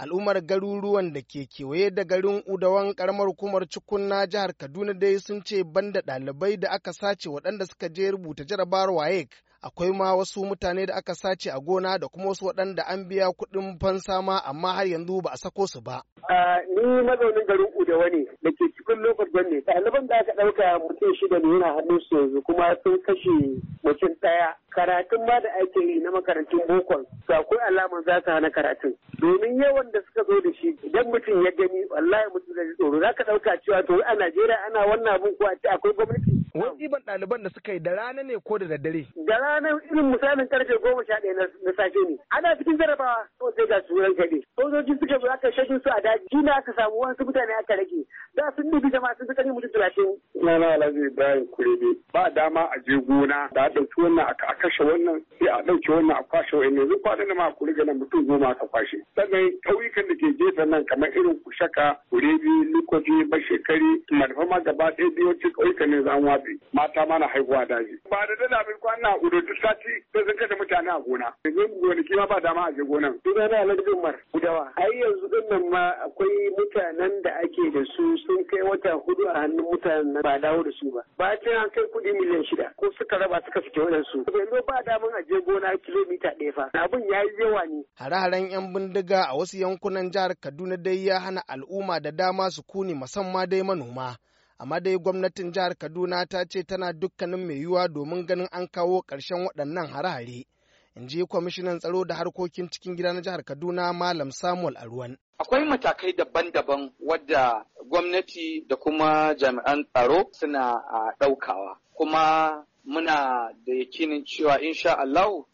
al'ummar garuruwan da ke kewaye da garin udawan karamar hukumar cikunna jihar kaduna dai sun ce banda ɗalibai da aka sace waɗanda suka je rubuta jarabar waek akwai ma wasu mutane da aka sace a gona da kuma wasu waɗanda an biya kuɗin fansa ma amma har yanzu ba a sako su ba ni mazaunin garin Udawa ne da ke cikin lokacin ne. Ɗaliban da aka ɗauka mutum shida ne yana hannun su yanzu kuma sun kashe mutum ɗaya. Karatun ma da ake yi na makarantun bokon to akwai alamar za su hana karatun. Domin yawan da suka zo da shi idan mutum ya gani wallahi mutum zai tsoro za ka ɗauka cewa to a Najeriya ana wannan abun ko ce akwai gwamnati Wani ɗiban ɗaliban da suka yi da rana ne ko da daddare? Da rana irin misalin karfe goma sha ɗaya na safe ne. Ana cikin jarabawa kawai sai ga su ran kaɗe. Sojoji suka bi aka shaɗu su a daji. Shi aka samu wasu mutane aka rage. da sun bi jama'a sun fi mutum talatin. na na zai ibrahim kurebe ba dama a je gona da a ɗauki wannan a kashe wannan sai a ɗauki wannan a kwashe wa'in yanzu kwanan ma a kuri ganin mutum goma aka kwashe sannan ƙauyukan da ke gefen nan kamar irin kushaka kurebe likwafi bashekari malfa ma gaba ɗaya biyu wacce ƙauyukan ne za watsi mata ma na haihuwa daji ba da dala bin kwana udo duk sati sai wani a gona yanzu gonaki ba dama a je gonan suna na jin mar gudawa ai yanzu din nan ma akwai mutanen da ake da su sun kai wata hudu a hannun mutanen ba dawo da su ba ba ta an kai kuɗi miliyan shida ko suka raba suka fike waɗansu yanzu ba daman a je gona kilomita ɗaya fa abun ya yi yawa ne hare-haren yan bindiga a wasu yankunan jihar kaduna dai ya hana al'umma da dama su kuni musamman dai manoma amma dai gwamnatin jihar kaduna ta ce tana dukkanin mai yiwuwa domin ganin an kawo ƙarshen waɗannan hare-hare in ji kwamishinan tsaro da harkokin cikin gida na jihar kaduna malam samuel aruwan akwai matakai daban-daban wadda gwamnati da kuma jami'an tsaro suna ɗaukawa kuma muna da yakinin cewa in insha Allah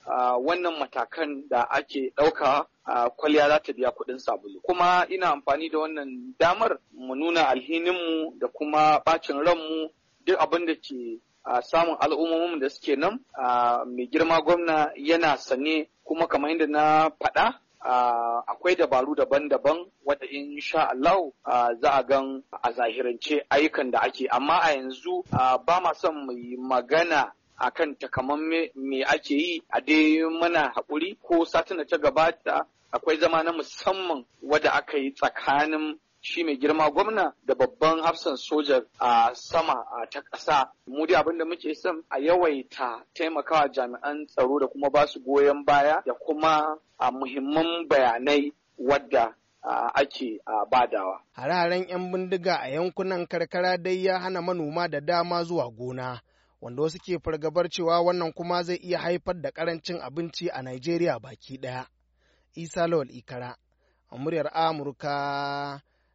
wannan matakan da ake ɗauka kwalliya za ta biya kuɗin sabulu. Kuma ina amfani da wannan damar mu nuna alhininmu da kuma ɓacin ranmu duk abin da ke a samun al'ummomin da suke nan mai girma gwamna yana sane kuma kamar yadda na faɗa akwai dabaru daban-daban wadda in sha Allah za a gan a zahirance ayyukan da ake amma a yanzu ba ma son mai magana a kan takamamme me ake yi a dai mana haƙuri ko satin da ta gabata akwai zama na musamman wadda aka yi tsakanin shi mai girma gwamna da babban hafsan soja a sama a ta ƙasa mu dai abin da muke son a yawaita taimakawa jami'an tsaro da kuma basu goyon baya da kuma a muhimman bayanai wadda ake badawa. Hararen 'yan bindiga a yankunan karkara dai ya hana manoma da dama zuwa gona. wanda wasu ke fargabar cewa wannan kuma zai iya haifar da karancin abinci a Najeriya baki ɗaya. Isa Lawal Ikara, muryar Amurka